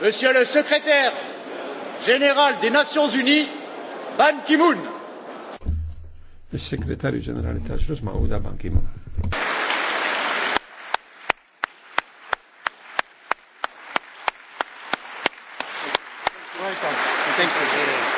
Monsieur le secrétaire général des Nations Unies, Ban Ki-moon. Il-Segretarju Ġenerali tal-Ġlus Mawda Ban Ki-moon. Thank you.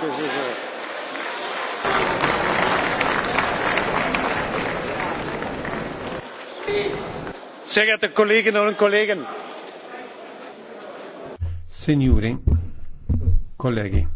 this is Sehr geehrte Kolleginnen und Kollegen! Signori, colleghi.